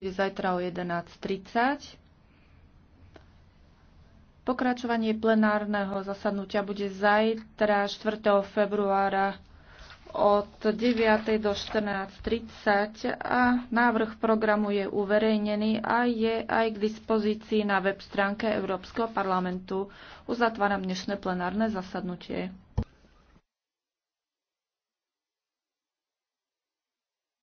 Je zajtra o 11.30. Pokračovanie plenárneho zasadnutia bude zajtra 4. februára od 9. do 14.30 a návrh programu je uverejnený a je aj k dispozícii na web stránke Európskeho parlamentu. Uzatváram dnešné plenárne zasadnutie.